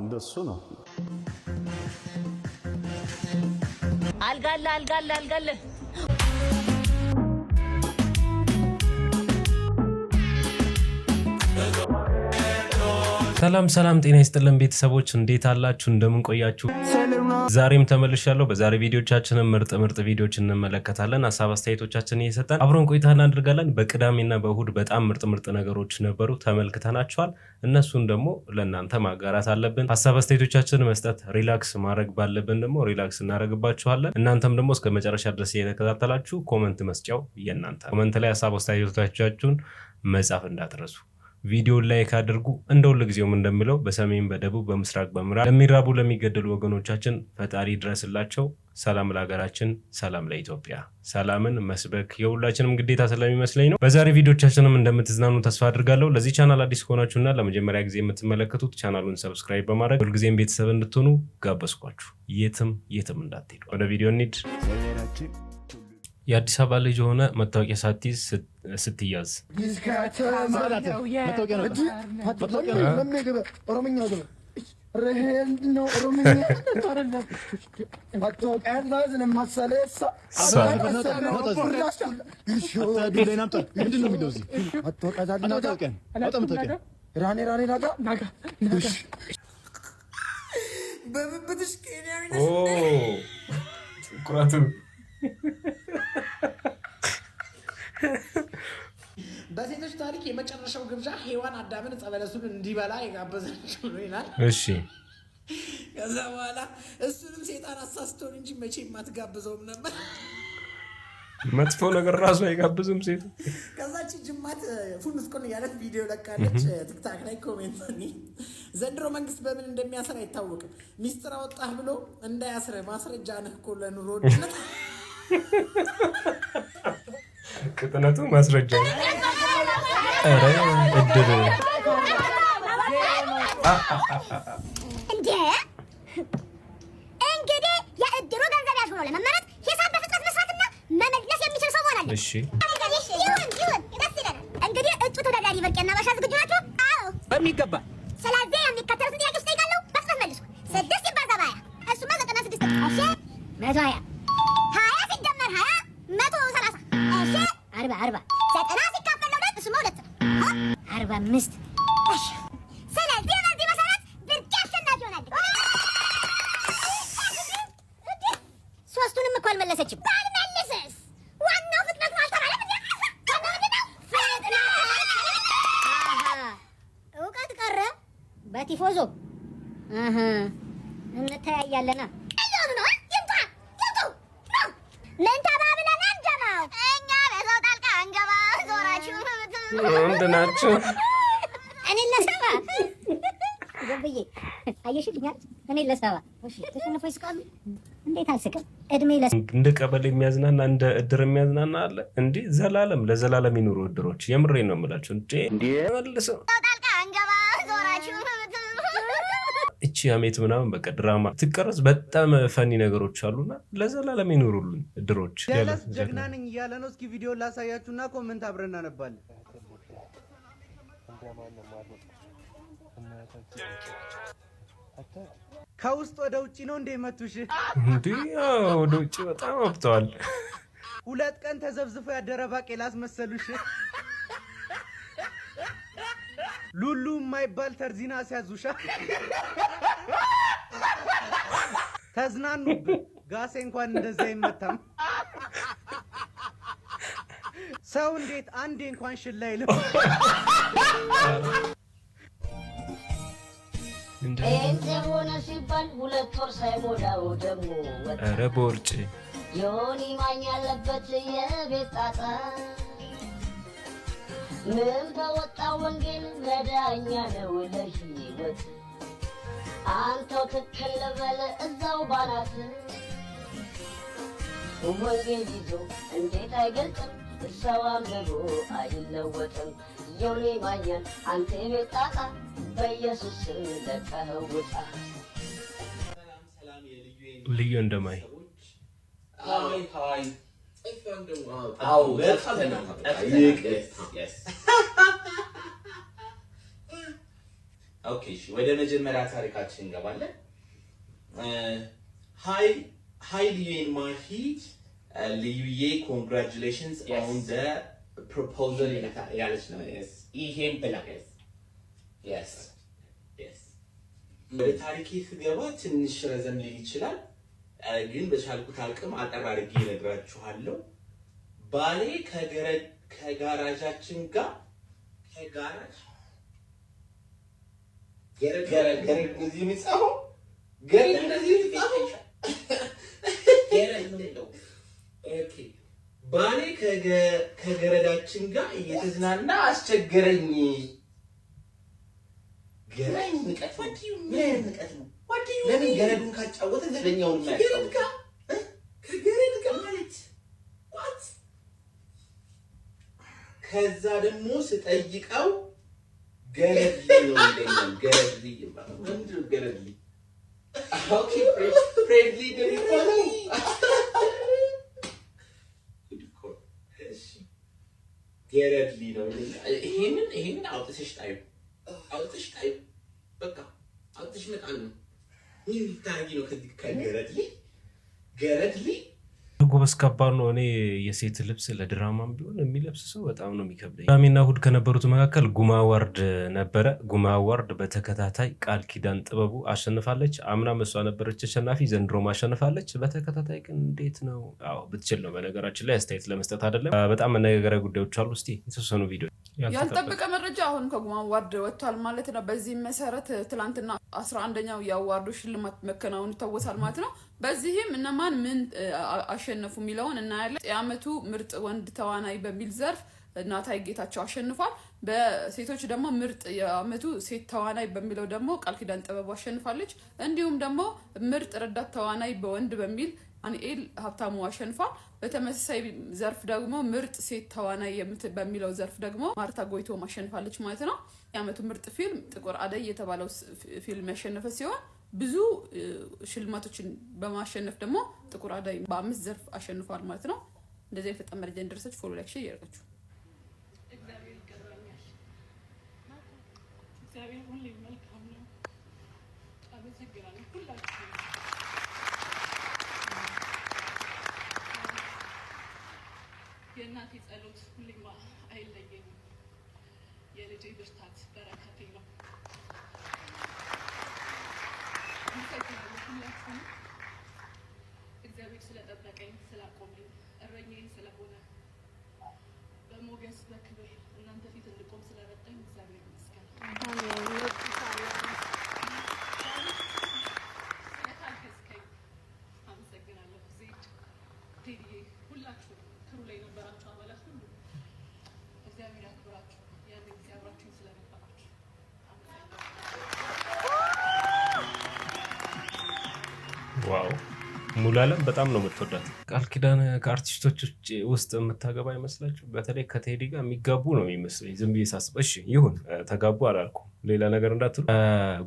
እንደሱ ነው። አልጋለ አልጋለ አልጋለ ሰላም ሰላም፣ ጤና ይስጥልን ቤተሰቦች እንዴት አላችሁ? እንደምን ቆያችሁ? ዛሬም ተመልሻለሁ። በዛሬ ቪዲዮቻችንን ምርጥ ምርጥ ቪዲዮች እንመለከታለን። ሀሳብ አስተያየቶቻችን እየሰጠን አብረን ቆይታ እናደርጋለን። በቅዳሜና በእሁድ በጣም ምርጥ ምርጥ ነገሮች ነበሩ፣ ተመልክተናቸዋል። እነሱን ደግሞ ለእናንተ ማጋራት አለብን። ሀሳብ አስተያየቶቻችን መስጠት፣ ሪላክስ ማድረግ ባለብን ደግሞ ሪላክስ እናደርግባችኋለን። እናንተም ደግሞ እስከ መጨረሻ ድረስ እየተከታተላችሁ ኮመንት መስጫው የእናንተ ኮመንት ላይ ሀሳብ አስተያየቶቻችሁን መጻፍ እንዳትረሱ። ቪዲዮን ላይክ አድርጉ። እንደ ሁልጊዜውም እንደምለው በሰሜን፣ በደቡብ፣ በምስራቅ፣ በምዕራብ ለሚራቡ ለሚገደሉ ወገኖቻችን ፈጣሪ ድረስላቸው። ሰላም ለሀገራችን፣ ሰላም ለኢትዮጵያ። ሰላምን መስበክ የሁላችንም ግዴታ ስለሚመስለኝ ነው። በዛሬ ቪዲዮቻችንም እንደምትዝናኑ ተስፋ አድርጋለሁ። ለዚህ ቻናል አዲስ ከሆናችሁና ለመጀመሪያ ጊዜ የምትመለከቱት ቻናሉን ሰብስክራይብ በማድረግ ሁልጊዜም ቤተሰብ እንድትሆኑ ጋበዝኳችሁ። የትም የትም እንዳትሄዱ። ወደ ቪዲዮ እንሂድ። የአዲስ አበባ ልጅ የሆነ መታወቂያ ሳትይዝ ስትያዝ ራኔ በሴቶች ታሪክ የመጨረሻው ግብዣ ሔዋን አዳምን ጸበለሱን እንዲበላ የጋበዘችው ነው ይላል። እሺ ከዛ በኋላ እሱንም ሴጣን አሳስቶን እንጂ መቼ የማትጋብዘውም ነበር። መጥፎ ነገር ራሱ አይጋብዝም ሴቱ። ከዛች ጅማት ፉንስ ቆን እያለት ቪዲዮ ለቃለች ቲክታክ ላይ ኮሜንት። ዘንድሮ መንግስት በምን እንደሚያስር አይታወቅም። ሚስጥር አወጣህ ብሎ እንዳያስረ ማስረጃ ነህ እኮ ለኑሮ ውድነት ቅጥነቱ ማስረጃ ነው። ኧረ እድል እንደ እንግዲህ የእድሩ ገንዘብ ያሽ ሆኖ ሂሳብ በፍጥነት መስራትና መመለስ የሚችል ሰው ሆናል። እሺ እንግዲህ እጩ ተወዳዳሪ በርቅና ባሻ ዝግጁ ናቸው? አዎ በሚገባ እንተያያለና ምን ተባብለን አንገባው? እኛ አንገባ። ዞራችሁ ናችሁ? እኔ ለሰባ ብዬ እኔ ለሰባ እንዴት አልስቅም። እድሜ እንደ ቀበሌ የሚያዝናና እንደ እድር የሚያዝናና አለ እንዲህ ዘላለም ለዘላለም ይኑሩ እድሮች። የምሬ ነው የምላቸው እንዴ መልሰው ይቺ አሜት ምናምን በቃ ድራማ ትቀረጽ በጣም ፈኒ ነገሮች አሉና ለዘላለም ይኖሩልን ድሮች። ጀግና ነኝ እያለ ነው። እስኪ ቪዲዮ ላሳያችሁና ኮመንት አብረን እናነባለን። ከውስጥ ወደ ውጭ ነው እንደ መቱሽ እንዲ ወደ ውጭ በጣም አብጠዋል። ሁለት ቀን ተዘብዝፎ ያደረ ባቄላ አስመሰሉሽ። ሉሉ የማይባል ተርዚና ሲያዙሻ ተዝናኑብን። ጋሴ እንኳን እንደዛ አይመታም። ሰው እንዴት አንዴ እንኳን ሽላ ይልም። ሆነ ሲባል ሁለት ወር ሳይሞላው ደግሞ ኧረ ቦርጬ የሆነ ማኝ ያለበት የቤት ጣጣ ምን በወጣ ወንጌል መዳኛ ነው ለሕይወት አንተው ትክል በለ እዛው ባናት ወንጌል ይዞ እንዴት አይገልጥም እሰው አንብቦ አይለወጥም የኔ ማኛል አንተ የቤጣጣ በኢየሱስ ለቀኸው ውጣ ልዩ እንደማይ አይ ወደ መጀመሪያ ታሪካችን እንገባለን። ሀይ ልዩን ማሂድ ልዩዬ ኮንግራጁሌሽንስ ኦን ዘ ፕሮፖዘል ያለች ነው። ይሄን ብላ ወደ ታሪኬ ስገባ ትንሽ ረዘም ሊል ይችላል፣ ግን በቻልኩት አቅም አጠር አድርጌ እነግራችኋለሁ። ባሌ ከጋራጃችን ጋር ከጋራጅ ገረድ የሚጻፈው እንደዚህ የሚጻፈው ባሌ ከገረዳችን ጋር እየተዝናና አስቸገረኝ። ገረኝ ንቀት ነው። ምን ነው? ለምን ገረዱን ካጫወተ ዘለኛውን ማያጫወት ከዛ ደግሞ ስጠይቀው ገረድሊ ነው ይሄንን ይሄንን አውጥተሽ ጣዩ፣ አውጥተሽ ጣዩ፣ በቃ አውጥተሽ መጣል ነው። ምን ታረጊ ነው ከዚህ ከገረድሊ ገረድሊ ጎበዝ ከባድ ነው። እኔ የሴት ልብስ ለድራማም ቢሆን የሚለብስ ሰው በጣም ነው የሚከብደኝ። ቅዳሜና እሑድ ከነበሩት መካከል ጉማ አዋርድ ነበረ። ጉማ አዋርድ በተከታታይ ቃል ኪዳን ጥበቡ አሸንፋለች። አምናም እሷ ነበረች አሸናፊ፣ ዘንድሮም አሸንፋለች። በተከታታይ ግን እንዴት ነው? አዎ ብትችል ነው። በነገራችን ላይ አስተያየት ለመስጠት አይደለም። በጣም መነጋገሪያ ጉዳዮች አሉ። እስኪ የተወሰኑ ቪዲዮ ያልጠበቀ መረጃ አሁን ከጉማ ዋርድ ወጥቷል ማለት ነው። በዚህም መሰረት ትላንትና አስራ አንደኛው የአዋርዱ ሽልማት መከናወኑ ይታወሳል ማለት ነው። በዚህም እነማን ምን አሸነፉ የሚለውን እናያለን። የአመቱ ምርጥ ወንድ ተዋናይ በሚል ዘርፍ ናታይ ጌታቸው አሸንፏል። በሴቶች ደግሞ ምርጥ የዓመቱ ሴት ተዋናይ በሚለው ደግሞ ቃል ኪዳን ጥበቡ አሸንፋለች። እንዲሁም ደግሞ ምርጥ ረዳት ተዋናይ በወንድ በሚል አንኤል ሀብታሙ አሸንፋ፣ በተመሳሳይ ዘርፍ ደግሞ ምርጥ ሴት ተዋናይ በሚለው ዘርፍ ደግሞ ማርታ ጎይቶ አሸንፋለች ማለት ነው። የአመቱ ምርጥ ፊልም ጥቁር አደይ የተባለው ፊልም ያሸነፈ ሲሆን ብዙ ሽልማቶችን በማሸነፍ ደግሞ ጥቁር አደይ በአምስት ዘርፍ አሸንፏል ማለት ነው። እንደዚህ አይነት መረጃ እንደደረሰች ፎሎ ላይክ ሼር ሙሉ አለም በጣም ነው የምትወዳት። ቃል ኪዳን ከአርቲስቶች ውስጥ የምታገባ አይመስላችሁ? በተለይ ከቴዲ ጋር የሚጋቡ ነው የሚመስለኝ ዝም ብዬ ሳስበ። እሺ ይሁን ተጋቡ አላልኩ ሌላ ነገር እንዳትሉ።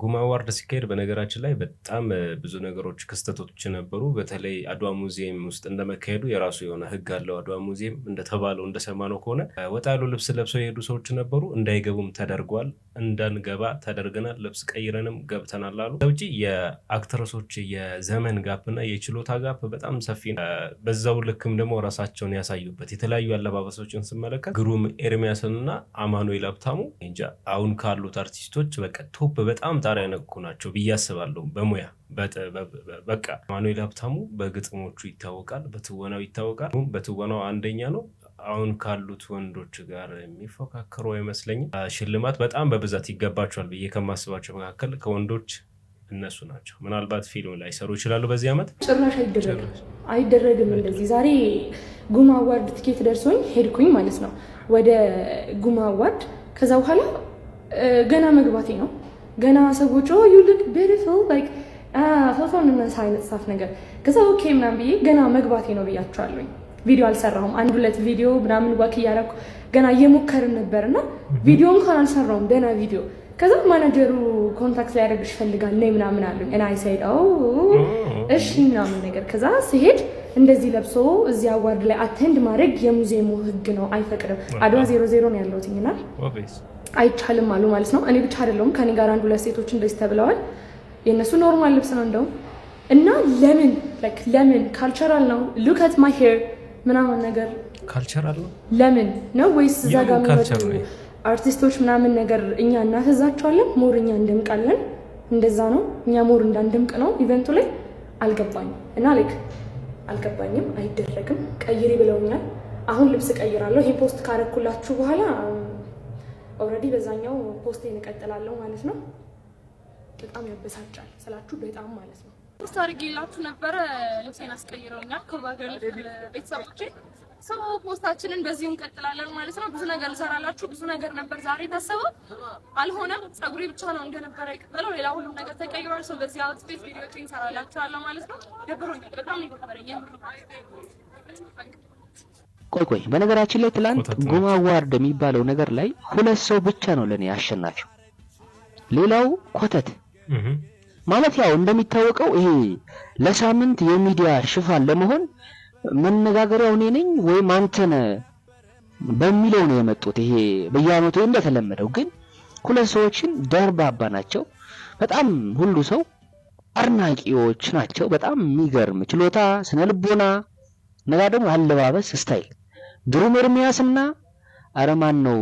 ጉማ ዋርድ ሲካሄድ በነገራችን ላይ በጣም ብዙ ነገሮች ክስተቶች ነበሩ። በተለይ አድዋ ሙዚየም ውስጥ እንደመካሄዱ የራሱ የሆነ ህግ አለው። አድዋ ሙዚየም እንደተባለው እንደሰማነው ከሆነ ወጣ ያሉ ልብስ ለብሰው የሄዱ ሰዎች ነበሩ። እንዳይገቡም ተደርጓል። እንዳንገባ ተደርገናል። ልብስ ቀይረንም ገብተናል አሉ። ውጭ የአክትረሶች የዘመን ጋፕ እና የችሎታ ጋፕ በጣም ሰፊ፣ በዛው ልክም ደግሞ ራሳቸውን ያሳዩበት የተለያዩ አለባበሶችን ስመለከት ግሩም ኤርሚያስን እና አማኑኤል ሀብታሙ እንጃ አሁን ካሉት አርቲስት አርቲስቶች በቃ ቶፕ በጣም ጣሪያ ነኩ ናቸው ብዬ አስባለሁ። በሙያ በቃ ማኑኤል ሀብታሙ በግጥሞቹ ይታወቃል፣ በትወናው ይታወቃል። በትወናው አንደኛ ነው። አሁን ካሉት ወንዶች ጋር የሚፎካከሩ አይመስለኝም። ሽልማት በጣም በብዛት ይገባቸዋል ብዬ ከማስባቸው መካከል ከወንዶች እነሱ ናቸው። ምናልባት ፊልም ሰሩ ይችላሉ በዚህ ዓመት። ጭራሽ አይደረግም አይደረግም እንደዚህ። ዛሬ ጉማ አዋርድ ትኬት ደርሶኝ ሄድኩኝ ማለት ነው ወደ ጉማ አዋርድ ከዛ በኋላ ገና መግባቴ ነው። ገና ሰዎች ዩ ሉክ ቢዩቲፉል ላይክ ፎቶን መሳ አይነት ሳፍ ነገር ከዛ ኦኬ ምናምን ብዬ ገና መግባቴ ነው ብያቸዋለኝ። ቪዲዮ አልሰራሁም። አንድ ሁለት ቪዲዮ ምናምን ዋክ እያደረኩ ገና እየሞከርን ነበር እና ቪዲዮ እንኳን አልሰራሁም ገና ቪዲዮ። ከዛ ማናጀሩ ኮንታክት ሊያደርግሽ ይፈልጋል ነይ ምናምን አሉኝ እና አይ ሳይድ እሺ ምናምን ነገር ከዛ ሲሄድ እንደዚህ ለብሶ እዚህ አዋርድ ላይ አቴንድ ማድረግ የሙዚየሙ ህግ ነው አይፈቅድም። አድዋ ዜሮ ዜሮ ነው ያለሁት እና አይቻልም አሉ ማለት ነው። እኔ ብቻ አይደለሁም ከኔ ጋር አንድ ሁለት ሴቶች እንደዚህ ተብለዋል። የእነሱ ኖርማል ልብስ ነው እንደውም እና ለምን ላይክ ለምን ካልቸራል ነው አት ማይ ሄር ምናምን ነገር ካልቸራል ነው ለምን ነው ወይስ እዛ ጋር ነው አርቲስቶች ምናምን ነገር እኛ እናስዛቸዋለን ሞር እኛ እንደምቃለን እንደዛ ነው እኛ ሞር እንዳንደምቅ ነው ኢቨንቱ ላይ አልገባኝም እና ላይክ አልገባኝም አይደረግም ቀይሪ ብለውኛል አሁን ልብስ ቀይራለሁ ይሄ ፖስት ካረኩላችሁ በኋላ ኦልሬዲ በዛኛው ፖስቴን እቀጥላለሁ ማለት ነው። በጣም ያበሳጫል ስላችሁ በጣም ማለት ነው። ፖስት አድርጌላችሁ ነበረ ልብሴን አስቀይረውኛል። ከባገር ቤተሰቦቼ ሰው ፖስታችንን በዚሁ እንቀጥላለን ማለት ነው። ብዙ ነገር ልሰራላችሁ ብዙ ነገር ነበር ዛሬ ታሰበው አልሆነም። ጸጉሬ ብቻ ነው እንደነበረ ይቀጥለው። ሌላ ሁሉም ነገር ተቀይሯል። ሰው በዚህ አውትፊት ቪዲዮዎችን እንሰራላችኋለሁ ማለት ነው። ደብሮኛል በጣም ነው የደበረኝ። ቆይ ቆይ፣ በነገራችን ላይ ትላንት ጉማ አዋርድ የሚባለው ነገር ላይ ሁለት ሰው ብቻ ነው ለእኔ አሸናፊው፣ ሌላው ኮተት ማለት ያው እንደሚታወቀው ይሄ ለሳምንት የሚዲያ ሽፋን ለመሆን መነጋገሪያው እኔ ነኝ ወይም አንተን በሚለው ነው የመጡት። ይሄ በየአመቱ እንደተለመደው ግን ሁለት ሰዎችን ደርባባ ናቸው። በጣም ሁሉ ሰው አድናቂዎች ናቸው። በጣም የሚገርም ችሎታ፣ ስነ ልቦና፣ ነጋ ደግሞ አለባበስ ስታይል ድሩም ኤርሚያስና አረማን ነው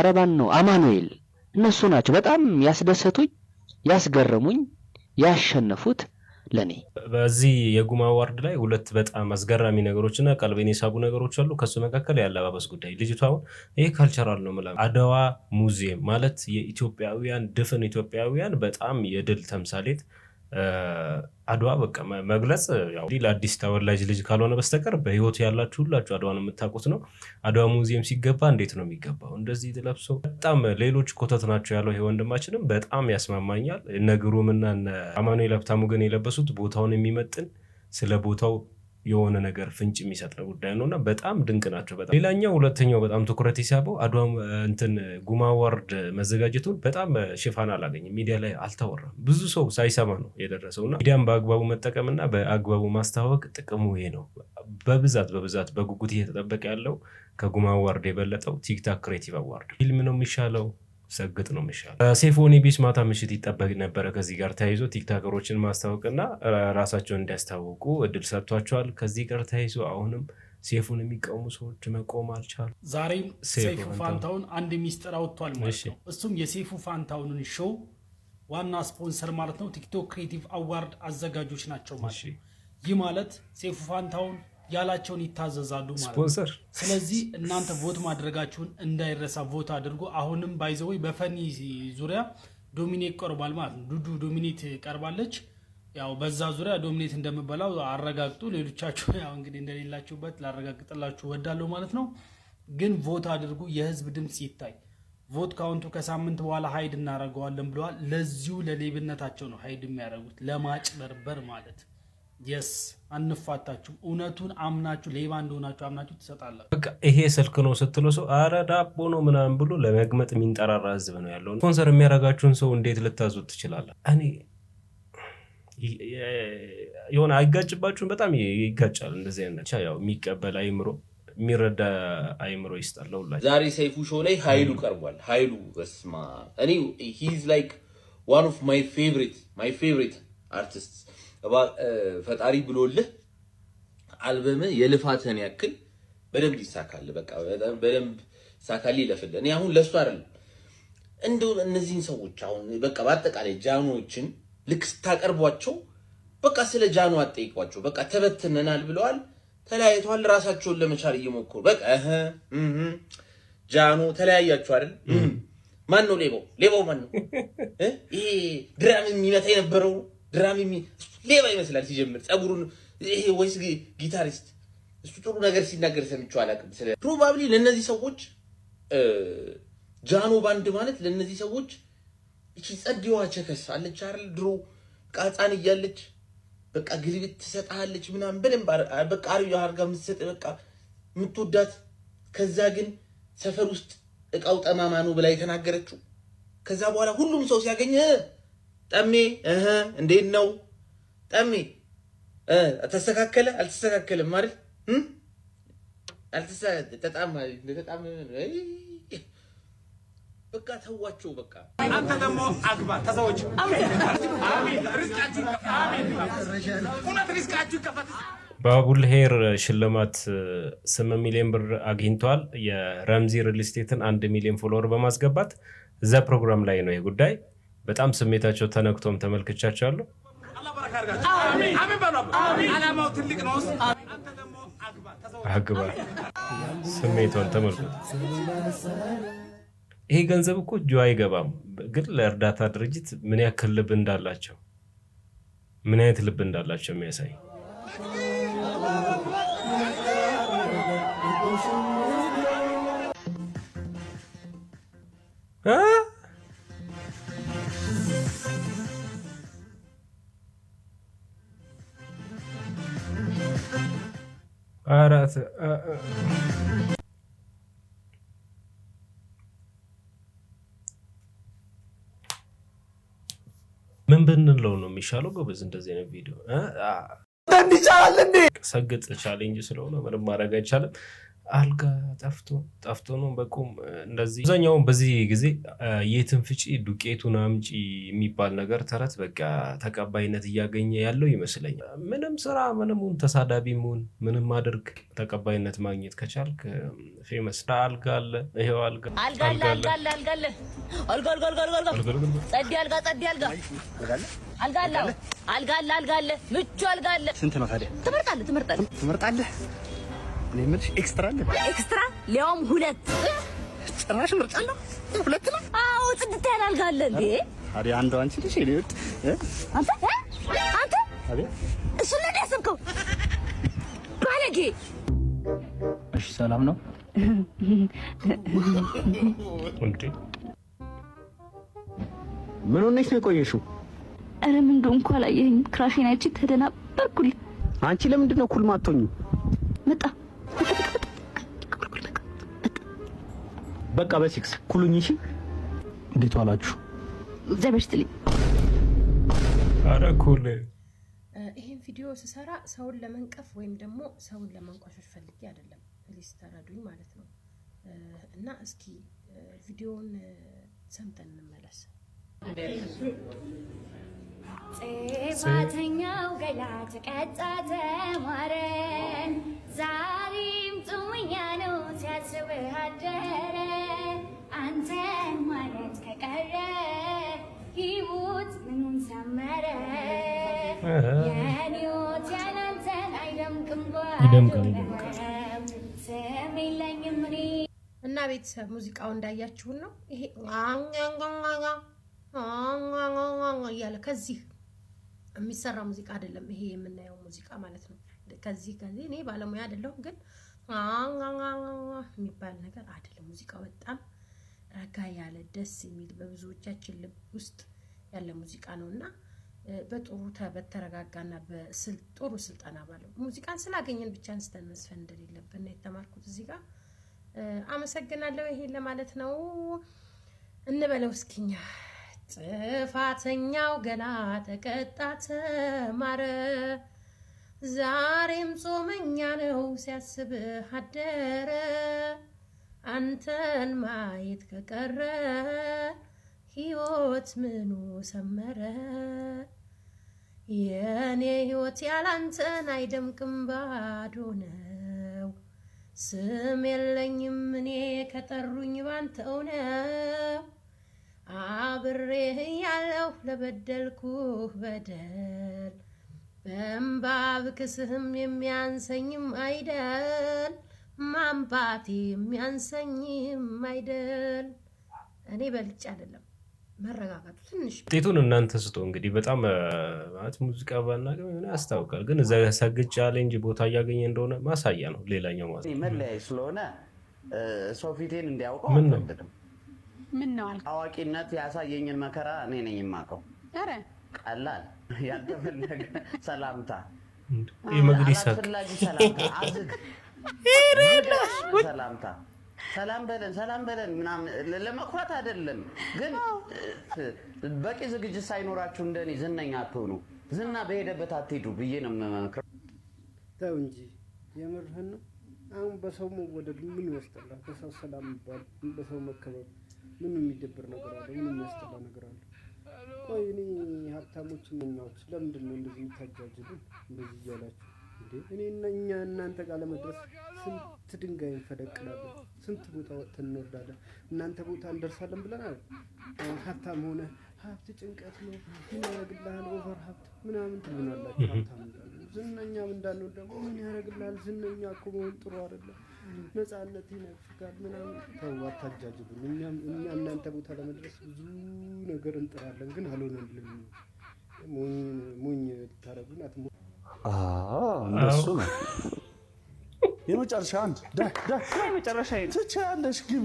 አረባን ነው አማኑኤል እነሱ ናቸው በጣም ያስደሰቱኝ ያስገረሙኝ ያሸነፉት ለኔ በዚህ የጉማ ዋርድ ላይ ሁለት በጣም አስገራሚ ነገሮች እና ቀልቤን የሳቡ ነገሮች አሉ። ከሱ መካከል የአለባበስ ጉዳይ ልጅቷ አሁን ይሄ ካልቸራል ነው ምላ አድዋ ሙዚየም ማለት የኢትዮጵያውያን ድፍን ኢትዮጵያውያን በጣም የድል ተምሳሌት አድዋ በቃ መግለጽ ለአዲስ ተወላጅ ልጅ ካልሆነ በስተቀር በህይወት ያላችሁ ሁላችሁ አድዋን የምታውቁት ነው። አድዋ ሙዚየም ሲገባ እንዴት ነው የሚገባው? እንደዚህ ለብሶ በጣም ሌሎች ኮተት ናቸው ያለው ይሄ ወንድማችንም በጣም ያስማማኛል። እነ ግሩምና እነ አማኑኤል ሀብታሙ ግን የለበሱት ቦታውን የሚመጥን ስለ ቦታው የሆነ ነገር ፍንጭ የሚሰጥ ጉዳይ ነው እና በጣም ድንቅ ናቸው። በጣም ሌላኛው ሁለተኛው በጣም ትኩረት ይሳበው አድዋ እንትን ጉማ አዋርድ መዘጋጀቱን በጣም ሽፋን አላገኝም፣ ሚዲያ ላይ አልተወራም። ብዙ ሰው ሳይሰማ ነው የደረሰው እና ሚዲያም በአግባቡ መጠቀምና በአግባቡ ማስታወቅ ጥቅሙ ይሄ ነው። በብዛት በብዛት በጉጉት እየተጠበቀ ያለው ከጉማ አዋርድ የበለጠው ቲክታክ ክሬቲቭ አዋርድ ፊልም ነው የሚሻለው ሰግጥ ነው የሚሻለው። ሴፎኒ ቢች ማታ ምሽት ይጠበቅ ነበረ። ከዚህ ጋር ተያይዞ ቲክታከሮችን ማስታወቅና ራሳቸውን እንዲያስታወቁ እድል ሰጥቷቸዋል። ከዚህ ጋር ተያይዞ አሁንም ሴፉን የሚቀሙ ሰዎች መቆም አልቻሉ። ዛሬም ሴፉ ፋንታውን አንድ ሚስጥር አውጥቷል ማለት ነው። እሱም የሴፉ ፋንታውንን ሾው ዋና ስፖንሰር ማለት ነው ቲክቶክ ክሬቲቭ አዋርድ አዘጋጆች ናቸው ማለት ነው። ይህ ማለት ሴፉ ፋንታውን ያላቸውን ይታዘዛሉ ማለት ነው። ስለዚህ እናንተ ቮት ማድረጋችሁን እንዳይረሳ ቮት አድርጎ። አሁንም ባይዘወይ በፈኒ ዙሪያ ዶሚኔት ቀርቧል ማለት ነው። ዱዱ ዶሚኔት ቀርባለች። ያው በዛ ዙሪያ ዶሚኔት እንደምበላው አረጋግጡ። ሌሎቻችሁ ያው እንግዲህ እንደሌላችሁበት ላረጋግጥላችሁ ወዳለሁ ማለት ነው። ግን ቮት አድርጉ፣ የህዝብ ድምፅ ይታይ። ቮት ካውንቱ ከሳምንት በኋላ ሀይድ እናደርገዋለን ብለዋል። ለዚሁ ለሌብነታቸው ነው ሀይድ የሚያደርጉት ለማጭበርበር ማለት የስ አንፋታችሁ እውነቱን አምናችሁ ሌባ እንደሆናችሁ አምናችሁ ትሰጣላችሁ። በቃ ይሄ ስልክ ነው ስትለው ሰው አረ ዳቦ ነው ምናምን ብሎ ለመግመጥ የሚንጠራራ ህዝብ ነው ያለው። ስፖንሰር የሚያደርጋችሁን ሰው እንዴት ልታዙት ትችላለ? እኔ የሆነ አይጋጭባችሁም? በጣም ይጋጫል። እንደዚህ አይነት ያው የሚቀበል አይምሮ የሚረዳ አይምሮ ይስጣለው። ለሁላችሁ። ዛሬ ሰይፉ ሾው ላይ ሀይሉ ቀርቧል። ሀይሉ በስማ እኔ ሂዝ ላይክ ዋን ኦፍ ማይ ፌቨሪት ማይ ፌቨሪት አርቲስት ፈጣሪ ብሎልህ አልበም የልፋትህን ያክል በደንብ ይሳካል። በቃ በደንብ ይሳካል ይለፍልህ። እኔ አሁን ለሱ አይደለም እንደው እነዚህን ሰዎች አሁን በቃ በአጠቃላይ ጃኖችን ልክ ስታቀርቧቸው በቃ ስለ ጃኖ አጠይቋቸው። በቃ ተበትነናል ብለዋል፣ ተለያይተዋል፣ ራሳቸውን ለመቻል እየሞከሩ በቃ እህ ጃኖ ተለያያችሁ አይደል? ማን ነው ሌባው? ሌባው ማን ነው? ይሄ ድራም የሚመታ የነበረው ድራም የሚ ሌባ ይመስላል ሲጀምር ጸጉሩን። ይሄ ወይስ ጊታሪስት? እሱ ጥሩ ነገር ሲናገር ሰምቼው አላውቅም። ስለ ፕሮባብሊ ለእነዚህ ሰዎች ጃኖ ባንድ ማለት ለእነዚህ ሰዎች እቺ ጸድዋ ቸከስ አለች አይደል? ድሮ ቃጻን እያለች በቃ ግልብት ትሰጣለች ምናምን በደንብ በቃ አርዮ አርጋ ምትሰጥ በቃ የምትወዳት ከዛ ግን ሰፈር ውስጥ እቃው ጠማማ ነው ብላ የተናገረችው ከዛ በኋላ ሁሉም ሰው ሲያገኝ ጠሜ እንዴት ነው ጠሚ ተስተካከለ አልተስተካከለም ማለት በቃ ተዋቸው። በቃ አንተ ደግሞ አግባ፣ ሄር ሽልማት ስምንት ሚሊዮን ብር አግኝቷል። የረምዚ ሪል ስቴትን አንድ ሚሊዮን ፎሎወር በማስገባት እዛ ፕሮግራም ላይ ነው ይህ ጉዳይ። በጣም ስሜታቸው ተነክቶም ተመልክቻቸዋለሁ። አሜን አግባ። ስሜቷን ተመልከቱ። ይሄ ገንዘብ እኮ እጁ አይገባም፣ ግን ለእርዳታ ድርጅት ምን ያክል ልብ እንዳላቸው ምን አይነት ልብ እንዳላቸው የሚያሳይ እ Scheiße. Äh, äh. ምን ብንለው ነው የሚሻለው? ጎበዝ እንደዚህ አይነት ቪዲዮ ሰግጥ ቻሌንጅ ስለሆነ ምንም ማድረግ አይቻልም። አልጋ ጠፍቶ ጠፍቶ ነው በቁም እንደዚህ አብዛኛውን በዚህ ጊዜ የትን ፍጪ ዱቄቱን አምጪ የሚባል ነገር ተረት በቃ ተቀባይነት እያገኘ ያለው ይመስለኛል። ምንም ስራ ምንም ተሳዳቢ ሁን ምንም አድርግ ተቀባይነት ማግኘት ከቻልክ ፌመስ ዳ አልጋ አለ ይሄው አልጋ አልጋ አለ አልጋ አለ አልጋ አለ አልጋ አልጋ አልጋ አልጋ አልጋ አለ ምቹ አልጋ አለ። ስንት ነው ታዲያ? ትመርጣለህ ትመርጣለህ ትመርጣለህ እኔ የምልሽ ኤክስትራ አለ ኤክስትራ ሊያውም ሁለት ጭራሽ ምርጫለሁ ሁለት ነው። አዎ ጽድት ያለ እንዴ! አዲ አንዱ አንቺ ልጅ ይልውጥ አንተ አንተ አዲ እሱ ነው ያሰብከው ባለጌ። እሺ ሰላም ነው እንዴ? ምን ሆነሽ ነው የቆየሽው? አረ ምን እንደሆንኩ አላየኸኝም። ክራሽን አይቼ ተደናበርኩልኝ። አንቺ ለምንድን ነው ኩል ማቶኝ? በቃ በሲክስ ኩሉኝ። እሺ፣ እንዴት ዋላችሁ? እግዚአብሔር አረ ኩል። ይሄን ቪዲዮ ስሰራ ሰውን ለመንቀፍ ወይም ደግሞ ሰውን ለማንቋሸሽ ፈልጌ አይደለም። ፕሊስ ተረዱኝ ማለት ነው። እና እስኪ ቪዲዮውን ሰምተን እንመለስ። ጥፋተኛው ገላት ቀጣ ተማረ ዛሬም ጡምኛ ነው ሲያስብህ አደረ አንተን ማለት ከቀረ ህይወት ምኑን ሰመረ የኔዎት ያላንተን አይደምቅም ጓደም እና ቤተሰብ ሙዚቃው እንዳያችሁን ነው ይሄ እያለ ከዚህ የሚሰራ ሙዚቃ አይደለም ይሄ የምናየው ሙዚቃ ማለት ነው። ከዚህ ከዚህ እኔ ባለሙያ አይደለሁም፣ ግን የሚባል ነገር አይደለም። ሙዚቃው በጣም ረጋ ያለ ደስ የሚል በብዙዎቻችን ልብ ውስጥ ያለ ሙዚቃ ነው እና በጥሩ በተረጋጋና ጥሩ ስልጠና ባለው ሙዚቃን ስላገኘን ብቻ አንስተን መስፈን እንደሌለብን ነው የተማርኩት እዚህ ጋር። አመሰግናለሁ። ይሄን ለማለት ነው። እንበለው እስኪኛ ጥፋተኛው ገና ተቀጣ ተማረ። ዛሬም ጾመኛ ነው ሲያስብ አደረ። አንተን ማየት ከቀረ ሕይወት ምኑ ሰመረ? የእኔ ሕይወት ያላንተን አይደምቅም ባዶ ነው። ስም የለኝም እኔ ከጠሩኝ ባንተው ነው። አብሬህ ያለሁ ለበደልኩህ በደል በእምባብ ክስህም የሚያንሰኝም አይደል ማንባቴ የሚያንሰኝም አይደል። እኔ በልጭ አይደለም መረጋጋቱ ትንሽ ውጤቱን እናንተ ስቶ እንግዲህ በጣም ማለት ሙዚቃ ያስታውቃል። ግን እዛ እንጂ ቦታ እያገኘ እንደሆነ ማሳያ ነው። ሌላኛው ማለት መለያይ ስለሆነ ሰው ፊቴን እንዲያውቀው አልፈልግም። ምን ነው አልክ? አዋቂነት ያሳየኝን መከራ እኔ ነኝ የማውቀው። ኧረ ቀላል ያልተፈለገ ሰላምታ አላስፈላጊ ሰላምታ አዝግ ሰላምታ ሰላም በለን ሰላም በለን ምናምን ለመኩራት አይደለም፣ ግን በቂ ዝግጅት ሳይኖራችሁ እንደኔ ዝነኛ አትሆኑ፣ ዝና በሄደበት አትሄዱ ብዬ ነው የምመክረው። ተው እንጂ የምርህን ነው። አሁን በሰው መወደድ ምን ይወስጠላል? በሰው ሰላም ይባል፣ በሰው መከበብ ምን የሚደብር ነገር አለ? ምን የሚያስጠላ ነገር አለ? ቆይ እኔ ሀብታሞች ምናዎች ለምንድን ነው እንደዚህ የምታጃጅሉ እንደዚህ እያላችሁ እኔ እኛ እናንተ ጋር ለመድረስ ስንት ድንጋይ እንፈደቅላለን፣ ስንት ቦታ ወጥተን እንወርዳለን። እናንተ ቦታ እንደርሳለን ብለን አለ ሀብታም ሆነ ሀብት ጭንቀት ነው ያደረግልሃል፣ ኦቨር ሀብት ምናምን ትሉናላችሁ። ሀብታም ዝነኛም እንዳንሆን ደግሞ ምን ያደረግልሃል? ዝነኛ እኮ መሆን ጥሩ አይደለም፣ ነፃነት ይነፍጋል ምናምን። ተው አታጃጅቡን። እኛም እኛ እናንተ ቦታ ለመድረስ ብዙ ነገር እንጥራለን፣ ግን አልሆነልንም። ሞኝ ልታደረጉን አትሞ እንደሱ ነው። የመጨረሻ አንድ መጨረሻ ትችያለሽ፣ ግቢ።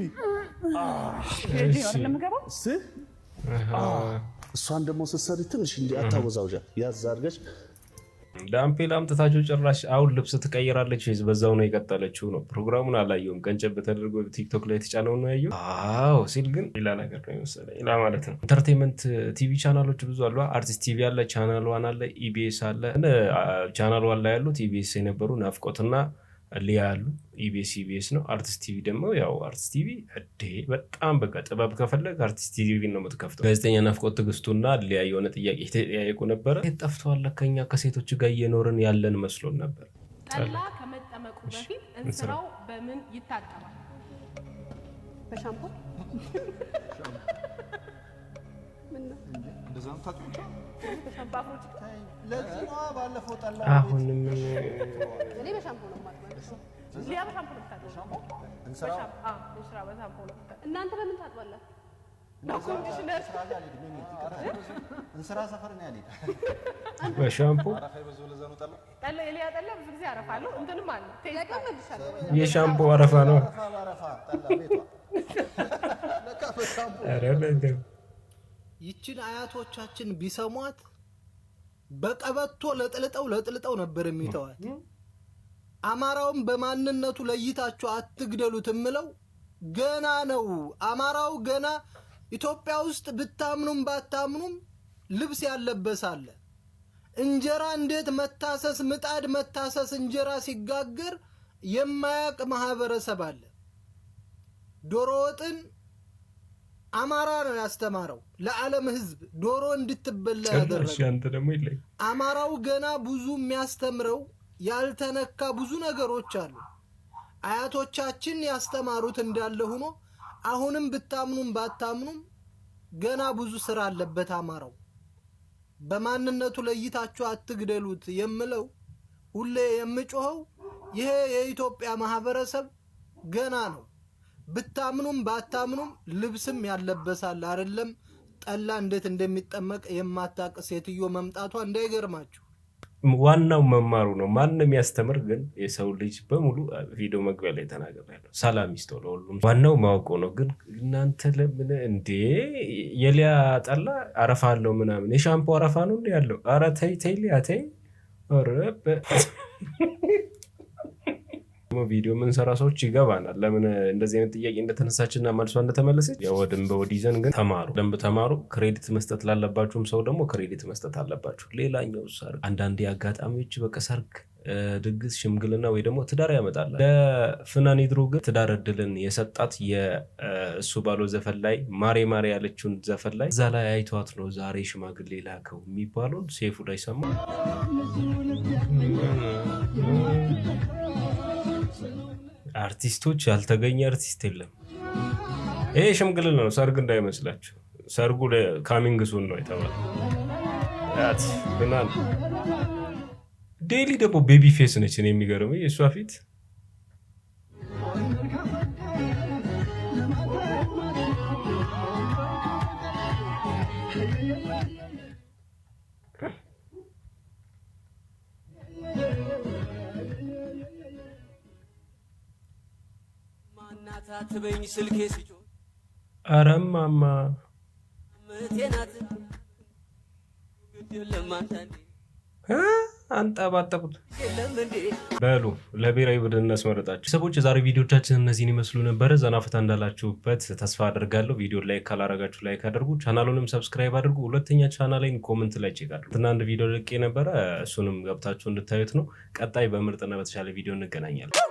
እሷን ደግሞ ስትሰሪ ትንሽ እንዲህ አታወዛውዣ ያዝ አድርገሽ ዳምፔል አምጥታቸው ጭራሽ አሁን ልብስ ትቀይራለች በዛው ነው የቀጠለችው። ነው ፕሮግራሙን አላየውም። ቀንጨብ ተደርጎ ቲክቶክ ላይ የተጫነው ነው ያየው። አዎ ሲል ግን ሌላ ነገር ነው የመሰለኝ። ሌላ ማለት ነው ኢንተርቴንመንት ቲቪ ቻናሎች ብዙ አሉ። አርቲስት ቲቪ አለ፣ ቻናል ዋን አለ፣ ኢቢኤስ አለ። ቻናል ዋን ላይ ያሉት ኢቢኤስ የነበሩ ናፍቆትና ሊያ ያሉ ኢቢኤስ ኢቢኤስ ነው። አርቲስት ቲቪ ደግሞ ያው አርቲስት ቲቪ እዴ በጣም በቃ ጥበብ ከፈለግ አርቲስት ቲቪ ነው የምትከፍተው። ጋዜጠኛ ናፍቆት ትዕግስቱና ሊያ የሆነ ጥያቄ የተጠያየቁ ነበረ። ጠፍተዋል። ከኛ ከሴቶች ጋር እየኖርን ያለን መስሎን ነበር። ጠላ ከመጠመቁ በፊት እንስራው በምን ይታጠባል? በሻምፖ አሁንም ሊያ ነው እንስራ እናንተ በምን ታጥባላችሁ? እንስራ ሰፈር ነው ያለኝ። በሻምፖ የሊያ ጠላ ብዙ ጊዜ አረፋ አለው። እንትንም አለ የሻምፖ አረፋ ነው። ይችን አያቶቻችን ቢሰሟት በቀበቶ ለጥልጠው ለጥልጠው ነበር የሚተዋት። አማራውን በማንነቱ ለይታችሁ አትግደሉት የምለው ገና ነው። አማራው ገና ኢትዮጵያ ውስጥ ብታምኑም ባታምኑም ልብስ ያለበሳለ እንጀራ እንዴት መታሰስ ምጣድ መታሰስ እንጀራ ሲጋገር የማያቅ ማህበረሰብ አለ። ዶሮ ወጥን አማራ ነው ያስተማረው ለዓለም ሕዝብ ዶሮ እንድትበላ ያደረገ። አማራው ገና ብዙ የሚያስተምረው ያልተነካ ብዙ ነገሮች አሉ። አያቶቻችን ያስተማሩት እንዳለ ሆኖ አሁንም ብታምኑም ባታምኑም ገና ብዙ ስራ አለበት አማራው። በማንነቱ ለይታችሁ አትግደሉት የምለው ሁሌ የምጮኸው ይሄ የኢትዮጵያ ማህበረሰብ ገና ነው። ብታምኑም ባታምኑም ልብስም ያለበሳል አይደለም። ጠላ እንዴት እንደሚጠመቅ የማታቅ ሴትዮ መምጣቷ እንዳይገርማችሁ። ዋናው መማሩ ነው። ማንም ያስተምር፣ ግን የሰው ልጅ በሙሉ ቪዲዮ መግቢያ ላይ ያለው ሰላም ይስጠው ለሁሉም። ዋናው ማወቁ ነው። ግን እናንተ ለምን እንዴ የሊያ ጠላ አረፋ አለው ምናምን የሻምፖ አረፋ ነው እንዲ ያለው። አረ ተይ ተይ ሊያ ተይ። ቪዲዮ የምንሰራ ሰዎች ይገባናል፣ ለምን እንደዚህ አይነት ጥያቄ እንደተነሳችና መልሷ እንደተመለሰች። ወድም በወድ ግን ተማሩ፣ ደንብ ተማሩ። ክሬዲት መስጠት ላለባችሁም ሰው ደግሞ ክሬዲት መስጠት አለባችሁ። ሌላኛው ሰርግ፣ አንዳንዴ አጋጣሚዎች በቃ ሰርግ ድግስ ሽምግልና ወይ ደግሞ ትዳር ያመጣል። ለፍናን ድሮ ግን ትዳር እድልን የሰጣት የእሱ ባለው ዘፈን ላይ ማሬ ማሬ ያለችውን ዘፈን ላይ እዛ ላይ አይተዋት ነው ዛሬ ሽማግሌ ላከው የሚባለውን ሴፉ ላይ ሰማ አርቲስቶች ያልተገኘ አርቲስት የለም። ይሄ ሽምግልና ነው፣ ሰርግ እንዳይመስላችሁ። ሰርጉ ካሚንግ ሱን ነው የተባለ ዴሊ ደግሞ ቤቢ ፌስ ነች። የሚገርመኝ የእሷ ፊት አትበኝ ስልኬ ስጮ ኧረ ምቴናት አንጠባጠቡት በሉ ለብሔራዊ ቡድን እናስመረጣቸው። ሰዎች የዛሬ ቪዲዮቻችን እነዚህን ይመስሉ ነበረ። ዘናፍታ እንዳላችሁበት ተስፋ አድርጋለሁ። ቪዲዮ ላይክ ካላረጋችሁ ላይክ አድርጉ፣ ቻናሉንም ሰብስክራይብ አድርጉ። ሁለተኛ ቻናላይን ኮመንት ላይ ቼክ አድርጉ። እና አንድ ቪዲዮ ልቄ ነበረ፣ እሱንም ገብታችሁ እንድታዩት ነው። ቀጣይ በምርጥና በተሻለ ቪዲዮ እንገናኛለን።